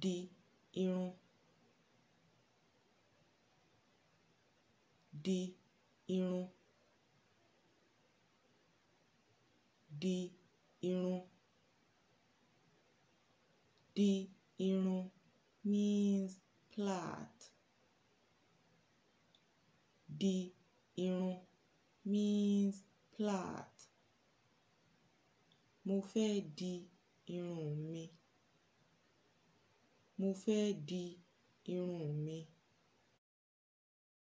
di irun di irun di irun di irun means plait di irun means plait mo fẹ́ di irun mi mo fẹ́ di irun mi